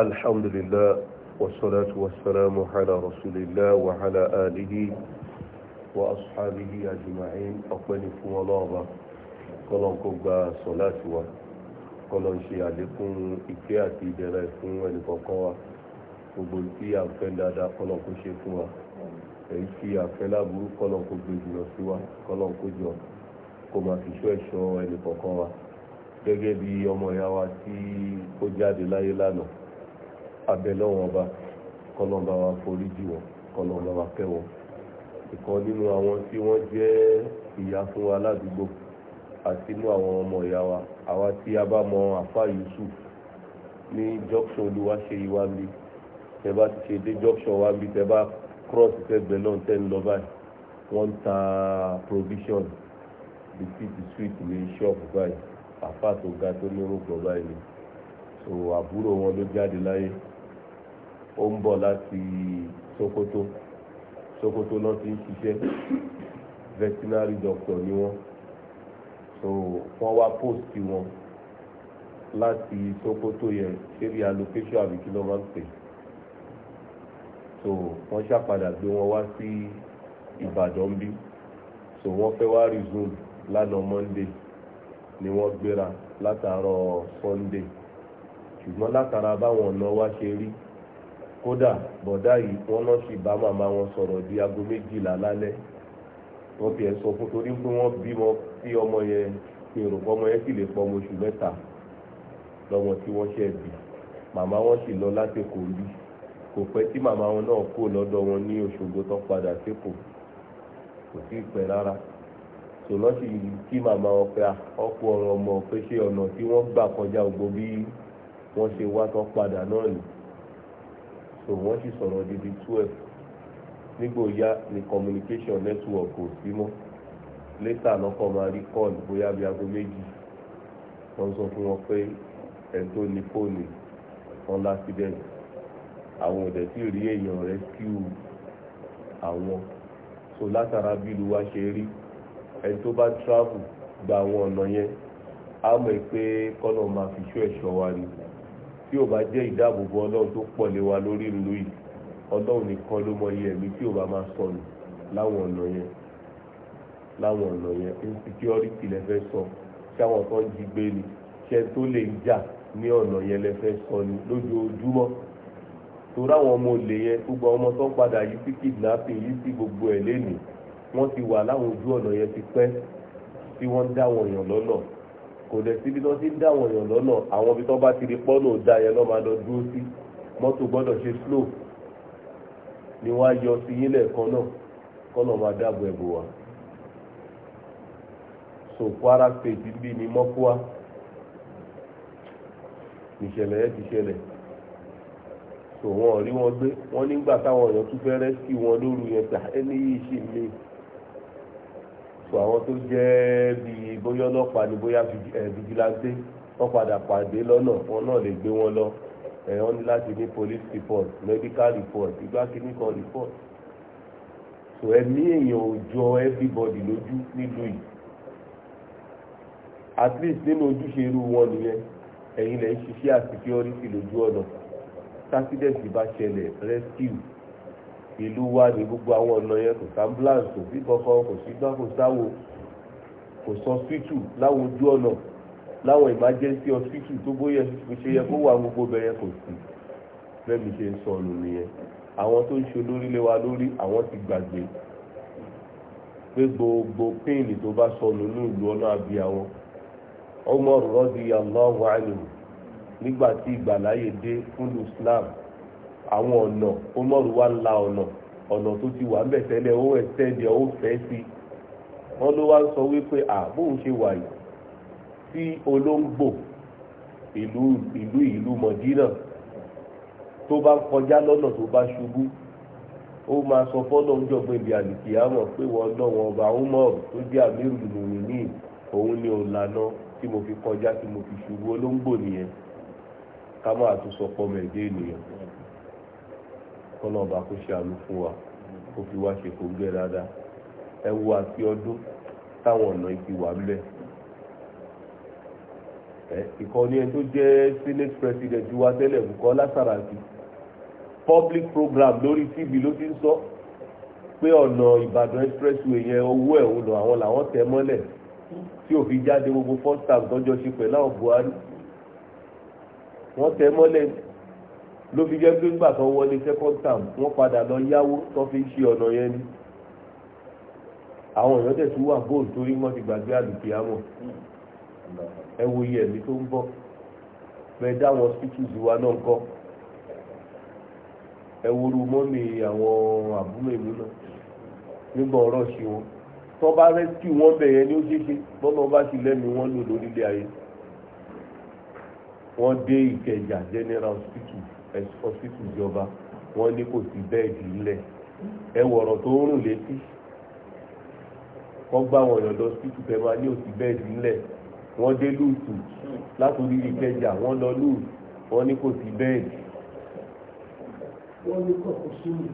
الحمد لله والصلاة والسلام على رسول الله وعلى آله وأصحابه أجمعين أقبل فو الله kọlọ́n kó gba sọ̀lá sí wa kọlọ́n ṣe àlékún ìkẹ́ àti ìdẹ̀rẹ̀ fún ẹnìkọ̀ọ̀kan wa gbogbo tí a fẹ́ dáadáa kọlọ́n kó ṣe fún wa èyí tí a fẹ́ láburú kọlọ́n kó gbé jùlọ sí wa kọlọ́n kó jọ kó máa fi ṣọ́ ẹ̀ṣọ́ ẹnìkọ̀ọ̀kan wa gẹ́gẹ́ bí ọmọ ìyá wa tí ó jáde láyé lánàá abẹ́lẹ́ wọn bá kọ́lọ́mbà wa forí jì wọ́n kọ́lọ́mbà wa kẹ́ wọn ìkan nínú àwọn tí wọ́n jẹ́ ìyá fún wa ládùúgbò àti inú àwọn ọmọ ìyá wa àwa tí a bá mọ àfa Yusuf ní junction Olúwaṣeyì wa ń bí tẹ bá ti ṣe dé junction wa ń tẹ bá cross tẹgbẹ náà tẹ ń lọ báyìí wọ́n ń ta provision biscuit sweet ní shop báyìí àfa tó ga tó ní orúkọ báyìí ni so àbúrò wọn ló jáde láyé ó ń bọ̀ láti Sokoto Sokoto náà ti ń ṣiṣẹ́ veterinary doctor ni wọ́n so wọ́n wá post wọn láti Sokoto yẹn ṣé bí allocation àbí kí ló máa ń pè so wọ́n ṣàpadà gbé wọn wá sí Ìbàdàn bí so wọ́n fẹ́ wá resume lánàá Monday ni wọ́n gbéra látàárọ̀ Sunday ṣùgbọ́n látara báwọn ọ̀nà wa ṣe rí kódà bọ̀dá yìí wọ́n náà sì bá màmá wọn sọ̀rọ̀ di aago méjìlá lálẹ́ wọ́n fi ẹ̀ sọ fún torí pé wọ́n bímọ sí ọmọ yẹn pé òrùkọ ọmọ yẹn sì lè pọ ọmọ oṣù mẹ́ta lọ́mọ tí wọ́n ṣẹ̀ bí màmá wọn sì lọ láti kò rí kò pẹ́ tí màmá wọn náà kó lọ́dọ̀ wọn ní Òṣogbo tó padà sékò kò sí ìpẹ́ rárá sọlọ́ sì kí màmá wọn pé ọkọ ah, ọ̀rọ̀ ọmọ pé ṣé ọ̀nà tí wọ́n gbà kọjá gbogbo bí wọ́n ṣe wá tó padà náà nìyí so wọ́n sì sọ̀rọ̀ di bíi twelve nígbò yá ni communication network ò sí mọ́ later lọ́kọ̀ máa rí call bóyá bíi aago méjì wọ́n sọ fún wọn pé ẹni tó ní fóònù wọn l'accident àwọn òdẹ̀ sì rí èèyàn rescue àwọn so látara bí ìlú wa ṣe rí ẹni tó bá travel gba àwọn ọ̀nà yẹn á mọ̀ pé kọ́nà máa fi ṣú ẹ̀ṣọ́ wa ni tí ò bá jẹ́ ìdáàbòbò ọlọ́run tó pọ̀ lé wa lórí ìlú yìí ọlọ́run nìkan ló mọ iye ẹ̀mí tí ò bá máa sọnù láwọn ọ̀nà yẹn láwọn ọ̀nà yẹn insecurity lẹ fẹ́ sọ ṣé àwọn kan jí gbé ni ṣé tó lè jà ní ọ̀nà yẹn lẹ fẹ́ sọ ni lójoojúmọ́ torí àwọn ọmọ olè yẹn gbogbo ọmọ tó padà yìí sí kidnapping yìí sí gbogbo ẹ̀ lénìí wọ́n ti wà láwọn ojú ọ̀nà yẹn ti pẹ́ tí wọ́n dá wọn èèyàn lọ́nà kò dẹ̀ síbi tó ti ń àwọn èèyàn lọ́nà àwọn ibi tó bá ti di pọ́nà dá yẹn lọ́ máa lọ dúró sí mọ́tò gbọ́dọ̀ ṣe slow ni wọ́n á yọ sí yín lẹ́ẹ̀kan náà kọ́nà máa dáàbò ẹ̀bù wa. so Kwara state bí ní mọ́kúá ìṣẹ̀lẹ̀ yẹn ti ṣẹlẹ̀ so wọn ò rí wọn gbé wọn nígbà táwọn èèyàn tún fẹ́ rẹ́síkì wọn lóru yẹn tà ẹni yìí ṣì ń lé so àwọn tó jẹ́ bíi bóyá ọlọ́pàá ni bóyá eh, vigilante wọ́n padà pàdé lọ́nà wọn náà lè gbé wọn lọ ẹ̀ eh, wọ́n ní láti ní police report medical report ìgbà kìíní kan report so ẹ̀mí èèyàn ò jọ everybody lójú nílùú yìí at least nínú ojúṣe irú wọn nìyẹn ẹ̀yin lẹ́yìn ṣiṣẹ́ àti security lójú ọ̀nà accident bá ṣẹlẹ̀ rescue ìlú wa ní gbogbo àwọn ọ̀nà yẹn kò sambulance kò sí kankan kò sí gbá kò sáwo kò sọ spítù láwọn ojú ọ̀nà láwọn emergency hospital tó bóyá ṣe yẹ kó wà gbogbo bẹ̀rẹ̀ kò sí lẹ́mi ṣe ń sọnù nìyẹn àwọn tó ń ṣe olórí lé wa lórí àwọn ti gbàgbé pé gbogbo péènì tó bá sọnù ní ìlú ọ̀nà àbí àwọn Umar radiyallahu anhu nígbà tí ìgbàláyè dé fún Islam àwọn ọ̀nà Umaru wá ń la ọ̀nà ọ̀nà tó ti wà ń bẹ̀ tẹ́lẹ̀ ó ẹ̀sẹ̀dẹ̀ ó fẹ́ sí i wọ́n ló wá ń sọ wípé àbóhùn ṣe wà yìí sí olóńgbò ìlú ìlú ìlú Mọ̀dínà tó bá kọjá lọ́nà tó bá ṣubú ó máa sọ fọ́nà ń jọ̀gbọ́n ibi àlìkìyàmọ̀ pé wọ́n náà wọn ọba Umaru tó jẹ́ àmírù lùmìnì òun ni òlànà tí mo fi kọjá tí mo fi ṣubú olóńgbò nìyẹn ká má àtúnṣọpọ̀ mẹ́ẹ̀dé nìyẹn kọ́nà ọba kó ṣàánú fún wa kó fi wá ṣe kó gẹ́ dáadáa ẹ wo àti ọdún táwọn ọ̀nà ìfi wà lẹ̀ ìkànnì ẹni tó jẹ́ senate president wa tẹ́lẹ̀ Bùkọ́lá Saraki public program lórí tv ló ti ń sọ pé ọ̀nà Ìbàdàn expressway yẹn owó ẹ̀ ń lọ àwọn làwọn tẹ mọ́lẹ̀ tí ò jáde gbogbo first time tọ́jọ́ ṣe pẹ̀lú àwọn Buhari wọ́n tẹ mọ́lẹ̀ ní ló fi jẹ́ pé nígbà tó wọlé second term wọ́n padà lọ yáwó tó fi ń ṣe ọ̀nà yẹn ni àwọn èèyàn tẹ̀sí wà bóòlù torí wọ́n ti gbàgbé àlùkìyà mọ̀ ẹ wo iye ẹ̀mí tó ń bọ̀ bẹ́ẹ̀ dá àwọn hospitals wa náà kọ́ ẹ woru mọ́mì àwọn àbúrò ìlú náà nígbà ọ̀rọ̀ sí wọn tó bá rescue wọn bẹ̀ yẹn ní ó ṣeéṣe bọ́mọ bá ti lẹ́mìí wọn lò lórílẹ̀ ayé wọ́n dé Ìkẹjà General Hospital ọsítù ìjọba wọ́n ní kò sí bẹ́ẹ̀dì ńlẹ̀ ẹ wọ̀rọ̀ tó ń rùn létí wọ́n gbá wọn yàn lọ sí ìtùtẹ̀ máa ní òsì bẹ́ẹ̀dì ńlẹ̀ wọ́n dé lùtù látòrí ìkẹjà wọ́n lọ lùtù wọ́n ní kò sí bẹ́ẹ̀dì. wọ́n ní kò sínú.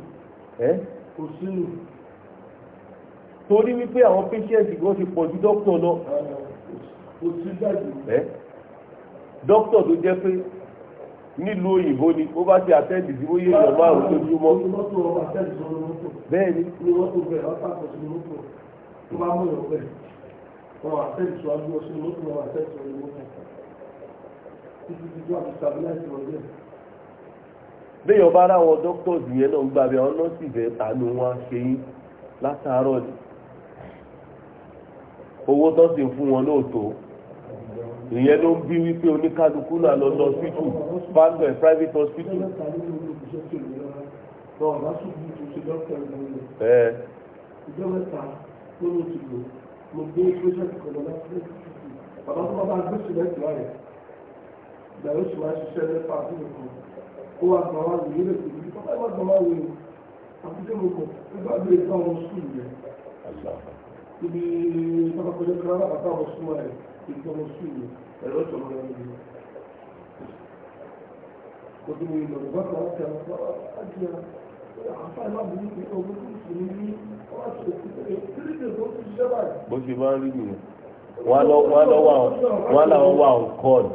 ẹ́ kò sínú. torí wípé àwọn patients kan ti pọ̀ ju dókítà lọ. kò sí bẹ́ẹ̀dì. ẹ́ dókítà tó jẹ́ pé nílùú òyìnbó ni ó bá ti àtẹ́ǹdì sí bóyá èèyàn márùn lójúmọ́. bẹ́ẹ̀ ni. ní wọ́n tó bẹ̀rẹ̀ wọ́n tàkọ̀ sínú mọ́tò tó bá mú ìyọ̀ bẹ̀ wọ́n àtẹ́ǹdì sọ àdúgbò sínú mọ́tò wọn àtẹ́ǹdì sọ ìlú mọ́tò títí títí wọ́n ti stabilize wọn dẹ̀. béèyàn bá ráwọn doctors yẹn náà ń gbàgbé àwọn nọ́ọ̀sì bẹ́ẹ̀ tàánú wọn ṣe yín látàárọ̀ ni owó tó sì fún wọn lóòótọ́ ìyẹn ló ń bí wípé oníkálukú náà lọ lọ hospital fáńdọ̀ ẹ̀ private hospital. ẹ ìjọ mẹ́ta ló ti lò mo gbé project kan lọ láti bàbá tó bá gbé sílẹ̀tì láàrẹ̀ ìgbà yóò ṣe wá ṣiṣẹ́ lẹ́fà àbúrò kan ó wà gbà wá wòye lè pè mí bàbá ìwà gbà wá wòye àbújá mo kọ nígbà bí ètò àwọn sùúrù rẹ̀ níbi tọ́kọ̀kọ́jọ́ kan lábàtà àwọn sùúrù rẹ̀ ìgbọ́mọ sùúrù ẹ̀rọ tó lọ níbi ojú mi lọ bọ́ kan ọ̀kẹ́ ọ̀kẹ́ ọ̀kẹ́ àǹfààní má burú pé ọmọ tó sì ní ní ọ̀rọ̀ tó ti pé three days ó ti ṣiṣẹ́ báyìí. bó ṣe máa ń rí nìyẹn wọ́n láwọn wà ń kọ́ọ̀lù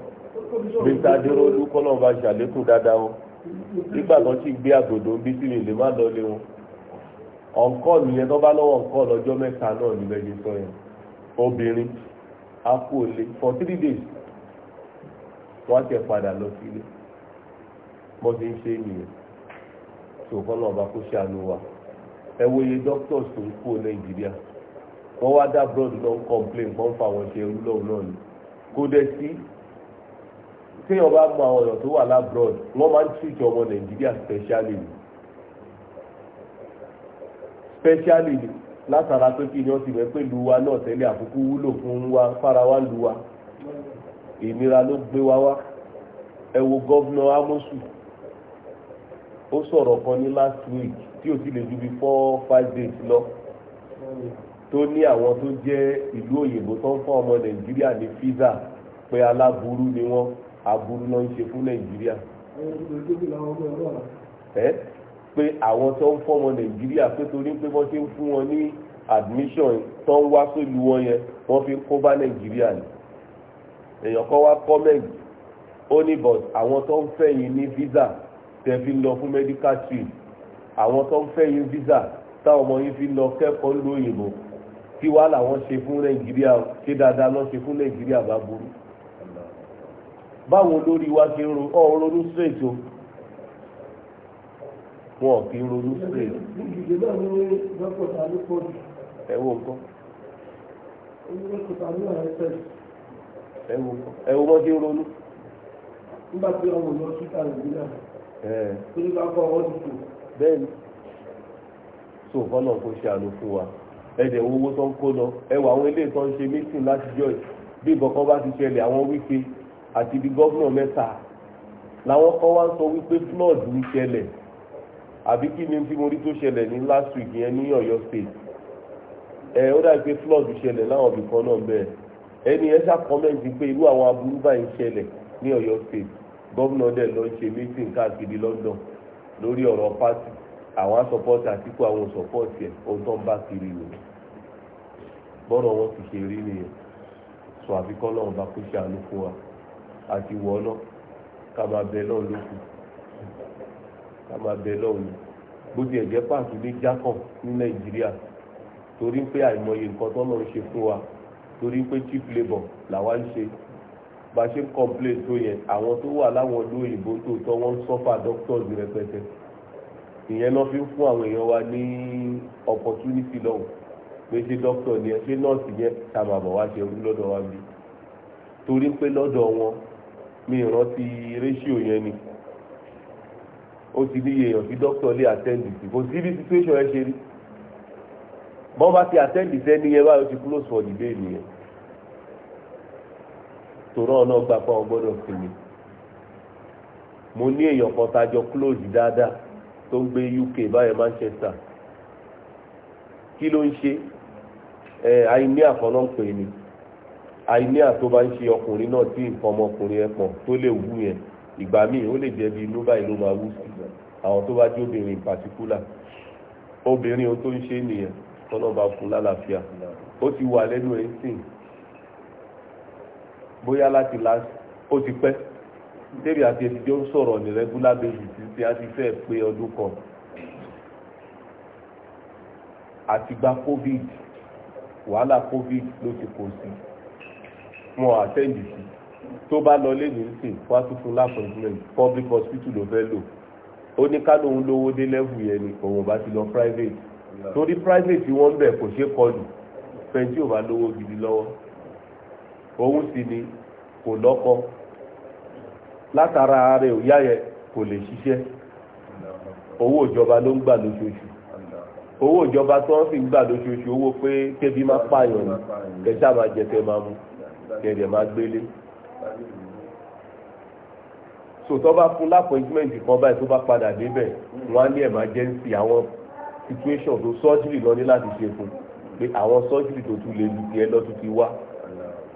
mr adéròlú kọ́nà bá ṣàlékún dáadáa o nígbà tó ti gbé àgbòdo bí sí mi lè má lọ lé wọn ọ̀nkọ́ọ̀lù yẹn tó bá lọ́wọ́ ọ̀nkọ́ọ̀lù ọjọ́ mẹ́ta náà ní mẹ́jẹ sọ yẹn obìnrin akú òlé for three days wọ́n tẹ̀ padà lọ sílé bó ti ń ṣe nìyẹn ṣòkan náà bá kó ṣàánú wa ẹ wo iye doctors tó ń kú nàìjíríà wọ́n wá dá broad náà complain wọ́n fa àwọn ṣe ẹrú lọ́wọ́ náà ni kò dẹ̀ sí téèyàn bá mọ àwọn ọ̀nà tó wà lábroad wọ́n máa ń treat ọmọ nàìjíríà specially ni specially ni látara pé kí ni wọ́n ti wẹ̀ pé lu wa náà tẹ́lẹ̀ àbùkù wúlò fún wa fara wa lu wa ìnira ló gbé wa wá ẹ wo gọ́vnà amosu ó sọ̀rọ̀ kan ní last week tí ò sì lè ju bí four five days lọ tó ní àwọn tó jẹ́ ìlú òyìnbó tó ń fún ọmọ nàìjíríà ní físà pé aláburú ni wọ́n aburú náà ń ṣe fún nàìjíríà. ẹ ẹ pé àwọn tó ń fọ́mọ nàìjíríà pé torí pé wọ́n ti ń fún wọn ní admission tó ń wá sólu wọn yẹn wọ́n fi kó bá nàìjíríà ni èèyàn kan wá comment ó ní but àwọn tó ń fẹ́ yín ní visa tẹ́ fi lọ fún medical trip àwọn tó ń fẹ́ yín visa táwọn ọmọ yín fi lọ kẹ́kọ̀ọ́ lóyìnbó kí wá làwọn ṣe fún nàìjíríà ṣé dáadáa lọ ṣe fún nàìjíríà bá burú báwo lórí wa ṣe ń ro ọ̀rọ̀ ronú straight o. Oh, wọn kì í ronú pé. ẹ wo nǹkan. ẹ wo nǹkan ẹ wo mọ́tí ronú. nígbà tí ọmọ lọ sí nàìjíríà. tó ní bá bọ́ wọn dìbò. bẹ́ẹ̀ni tó fọ́nà kó ṣe àánú fún wa ẹ̀dẹ̀ owó tó ń kó lọ ẹwà àwọn ilé tó ń ṣe mítìn láti jọ bí ìbọn kan bá ti ṣẹlẹ̀ àwọn wípé àti ibi gọ́vnà mẹ́ta làwọn kan wá ń sọ wípé flood ń ṣẹlẹ̀ àbí kí ni tí mo rí tó ṣẹlẹ̀ ní last week yẹn ní Ọ̀yọ́ state ẹ ó dàbí pé flood ṣẹlẹ̀ láwọn ibìkan náà bẹ́ẹ̀ ẹni ẹ ṣá kọ́mẹ́ǹtì pé irú àwọn aburú báyìí ṣẹlẹ̀ ní Ọ̀yọ́ state gómìnà dẹ̀ lọ ṣe meeting káàkiri London lórí ọ̀rọ̀ party àwọn asọpọ́tì àtìkú àwọn òṣọpọ́tì ẹ̀ ohun tó ń bá kiri lò bọ́rọ̀ wọn ti ṣe rí nìyẹn sọ àfikọ́ náà bá kó ṣe àánú fún wa àti wọ́ náà ká máa bẹ náà lókun ká máa bẹ lọ́wọ́ ni bó ti ẹ̀jẹ̀ pàtó lé jákàn ní nàìjíríà torí pé àìmọye nǹkan tó lọ́ọ́ ṣe fún wa torí pé cheap labour làwa ń ṣe bá ṣe ń complain tó yẹn àwọn tó wà láwọn ọdún òyìnbó tó tọ́ wọ́n ń sọ́fà doctors rẹpẹtẹ ìyẹn náà fi ń fún àwọn èèyàn wa ní opportunity lọ́wọ́ pé ṣé doctor ni ẹ ṣé nọ́ọ̀sì yẹn tá a máa bọ̀ wá ṣe orí lọ́dọ̀ wa bí torí pé lọ́dọ̀ wọn mi ìrántí ratio yẹn ni ó ti ní iye èèyàn tí dókítà lè àtẹ́ǹdì sí kò sí bí situation ẹ ṣe rí bọ́n bá ti àtẹ́ǹdì sẹ́ni yẹn báyìí ó ti close for the day nìyẹn tòrọ́ náà gbà pa ọ gbọ́dọ̀ sinmi mo ní èèyàn kan tájọ close dáadáa tó ń gbé UK báyẹn Manchester kí ló ń ṣe ẹ àìní àkànná ń pè ní àìní àtó bá ń ṣe ọkùnrin náà tí nǹkan ọmọkùnrin ẹ pọ̀ tó lè wú yẹn ìgbà míì ó lè jẹ́ bí inú báyìí ló máa wú sí àwọn tó bá jẹ́ obìnrin pàtíkúlà obìnrin o tó ń ṣe nìyẹn tọ́nà bá fún lálàáfíà ó ti wà lẹ́nu ẹ̀ ń sìn bóyá láti last ó ti pẹ́ débi àti ètùtù ó ń sọ̀rọ̀ ní rẹ́gúlá bẹ́sì títí a ti fẹ́ pé ọdún kan àtìgbà covid wàhálà covid ló ti kò sí wọn àtẹ́ǹdì sí tó bá lọ lé ní sìn wá tún fún public hospital ló fẹ́ lò ó ní ká lóun lówó dé lẹ́wù yẹn ni òun bá ti lọ private torí private wọn ń bẹ̀ kò ṣeé kọlù fẹ́ntì ò bá lówó gidi lọ́wọ́ òun sì ni kò lọ́kọ látara ara ò yá yẹ kò lè ṣiṣẹ́ owó ìjọba ló ń gbà lóṣooṣù owó ìjọba tó ń fi gbà lóṣooṣù owó pé kébi má pààyàn kẹsà máa jẹ kẹ máa mú kẹdẹ máa gbélé so tó bá fún lápọ̀ìntìmẹ̀ntì kan báyìí tó bá padà débẹ̀ wọ́n á ní emergency àwọn situation tó surgery lọ ní láti ṣe fún pé àwọn surgery tó tún lè lu tiẹ̀ lọ́tún ti wá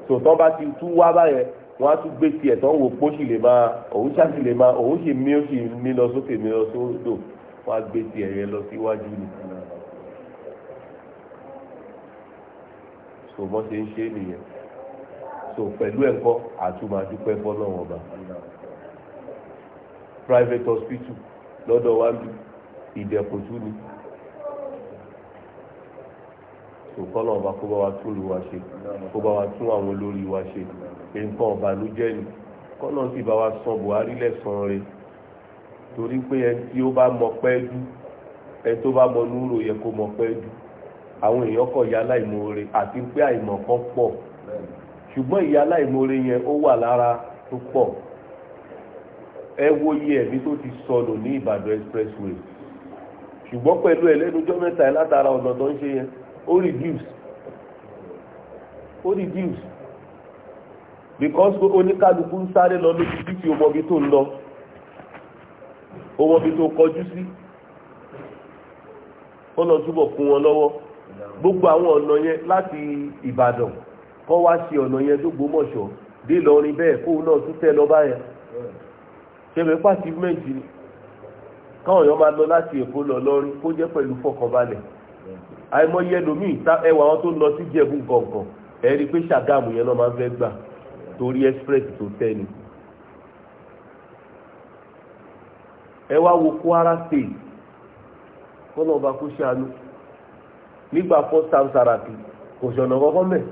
so tó bá ti tún wá báyẹn wọ́n á tún gbé tiẹ̀ tó ń wo pó sì lè máa òun ṣáàtì lè máa òun ṣe mí ó sì mí lọ sókè mí lọ sódò wọ́n á gbé tiẹ̀ yẹn lọ síwájú ni. so ṣe ń ṣe nìyẹn tó pẹ̀lú ẹ̀kọ́ àtúmọ̀dúpẹ́ fọ́lọ́wọ́n ọba private hospital lọ́dọ̀ wa bí ìdẹ̀kùn tún ni tòkọ́lọ̀ ọba kó bá wa tún lu wa ṣe kó bá wa tún àwọn olórí wa ṣe nǹkan ọ̀bànújẹ́ ni kọ́nà sì bá wa san Buhari lẹ́sàn-án rẹ̀ torí pé ẹni tí ó bá mọ pẹ́ dú ẹni tó bá mọ núrò yẹ kó mọ pẹ́ dú àwọn èèyàn kọ̀ ya láìmoore àti pé àìmọ̀kan pọ̀ ṣùgbọ́n ìyà aláìmoore yẹn ó wà lára tó pọ̀ ẹ wo iye ẹ̀mí tó ti sọnù ní Ìbàdàn expressway ṣùgbọ́n pẹ̀lú ẹlẹ́nujọ́ mẹ́ta ẹ̀ látara ọ̀nà tó ń ṣe yẹn ó reduce ó reduce because oníkálukú ń sáré lọ lójú títí ọmọbi tó ń lọ ọmọbi tó kọjú sí ó lọ túbọ̀ fún wọn lọ́wọ́ gbogbo àwọn ọ̀nà yẹn láti Ìbàdàn kọ́ wá sí ọ̀nà yẹn tó gbómọ̀ṣọ́ dé lọrin bẹ́ẹ̀ kóun náà tún tẹ́ lọ báyẹn ṣẹlẹ̀ pàṣípẹ́ǹt ni káwọn èèyàn máa lọ láti èkó lọ lọrin kó jẹ́ pẹ̀lú fọkànbalẹ̀ àìmọye ẹlòmíì ẹwà àwọn tó lọ sí jẹ̀bú gọ̀ǹgọ̀ ẹ pé ṣàgámù yẹn náà máa fẹ́ gbà torí express tó tẹ́ ni. ẹ wá wo Kwara State kọ́nà ọba kó ṣàánú nígbà first time kò ṣọ̀nà kọ́kọ́ mẹ́ẹ̀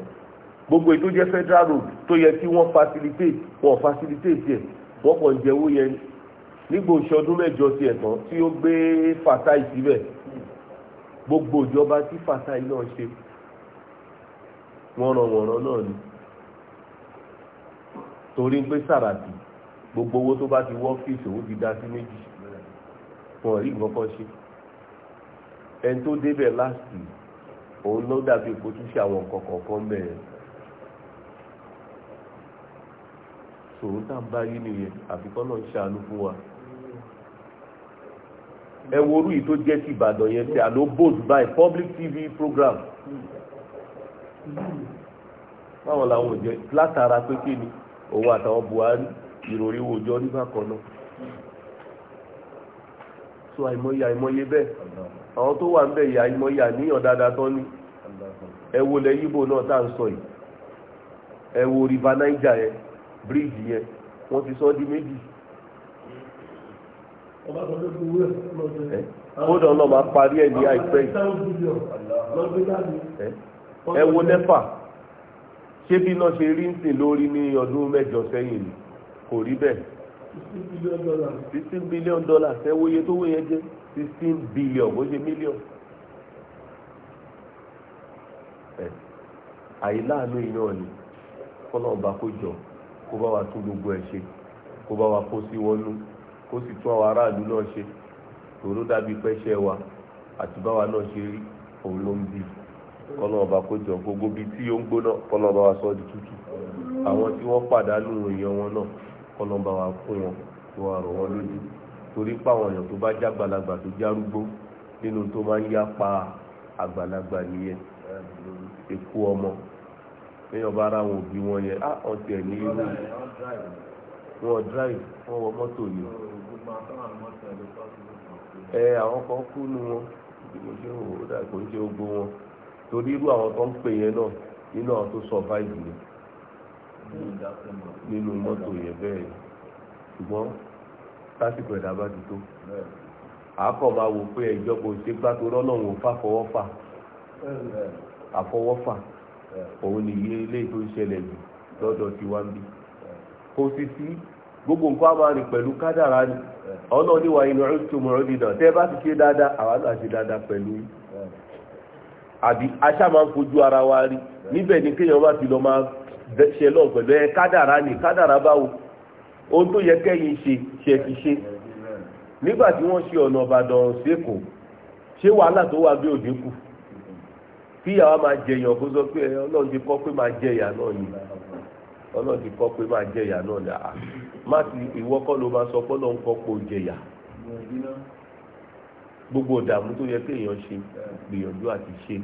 gbogbo ètò jẹ́ federal road tó yẹ kí wọ́n facilitate wọ́n facilitate ẹ̀ wọ́n kàn jẹ owó yẹn nígbà oṣù ọdún mẹ́jọ tiẹ̀ tán tí ó gbé Fatai síbẹ̀ gbogbo ìjọba tí Fatai náà ṣe wọ́nranwọ̀nran náà ni torí pé Sàràkí gbogbo owó tó bá ti wọ́ fíìsì òun ti dá sí méjì wọn rí nǹkan kan ṣe ẹni tó débẹ̀ láti òun ló dàbí kó tún ṣe àwọn nǹkan kọ̀ọ̀kan bẹ́ẹ̀. ìṣòro tá ń báyé nìyẹn àfikọ́ ṣàánú fún wa ẹ wo tó jẹ́ ti ìbàdàn yẹn tí by public tv program báwọn làwọn ò jẹ látara pé kí ni òun àtàwọn buhari ìròrí wo jọ náà so àìmọye àìmọye bẹ́ẹ̀ àwọn tó wà ń yìí àìmọye àníyàn dáadáa tán ni ẹ wo lẹ yíbo náà tá à ń sọ yìí bíríìjì yẹn wọ́n ti sọ di méjì. kódà náà máa parí ẹ̀ ní àìpẹ́ yìí ẹ wo nẹ́fà ṣé bí náà ṣe rí ń sìn lórí ní ọdún mẹ́jọ sẹ́yìn ni kò rí bẹ́ẹ̀ sixteen billion dollars ẹ wo iye tó wó yẹn jẹ́ sixteen billion bó ṣe million. àìláàánú èèyàn ni kọ́lọ́ọ̀bá kó jọ kó bá wa tún gbogbo ẹ̀ ṣe kó bá wa kó sí wọnú kó sì tún àwọn aráàlú náà ṣe tòró dàbí pẹ́ṣẹ́ wa àti báwa náà ṣe rí òun ló ń bì kọ́nà ọba kó jọ gbogbo bíi tí ó ń gbóná kọ́nà ọba wa sọ di tútù àwọn tí wọ́n pàdánù èèyàn wọn náà kọ́nà ọba wa kún wọn tó wà rọ̀ wọn lójú torí páwọn èèyàn tó bá jágbàlagbà tó járúgbó nínú tó máa ń yá pa àgbàlagbà nìyẹn ikú ọmọ èèyàn bá ara wọn òbí wọn yẹn á ah, ọtí ní irú wọn drive wọn wọ mọ́tò ni ẹ àwọn kan kú nu wọn bí ṣe wò ó wọn torí irú àwọn ń pè yẹn náà nínú àwọn tó survive ni nínú yẹn lásìkò bá ti tó máa wò pé kò òun ni iye ilé tó ń ṣẹlẹ̀ yìí lọ́dọ̀ ti wá ń bí kò sì sí gbogbo nǹkan a máa rìn pẹ̀lú kádàrá ni ọ̀nà oníwà inú ọ̀túnmọ̀ ọ̀dìnà tẹ́ bá ti ṣe dáadáa àwọn náà ṣe dáadáa pẹ̀lú àbí aṣá máa ń fojú ara wa rí níbẹ̀ ni kéèyàn bá ti lọ máa ṣe lọ́ọ̀ pẹ̀lú ẹ kádàrá ni kádàrá báwo ohun tó yẹ kẹ́yìn ṣe ṣe ti ṣe nígbà tí wọ́n ṣe ọ̀nà Ìbàdàn sékòó ṣé wàhálà tó wà bí òdínkù kí ìyàwó máa jẹ èèyàn kó sọ pé ọlọ́run ti kọ́ pé máa jẹ ìyà náà ni ọlọ́run ti kọ́ pé máa jẹ ìyà náà ni àá ah, má ti ìwọ kọ́ ló máa sọ pé ọlọ́run kọ́ pé ó jẹ ìyà gbogbo ìdààmú tó yẹ kéèyàn ṣe gbìyànjú àti ṣe.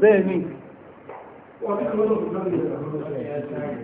bẹ́ẹ̀ ni.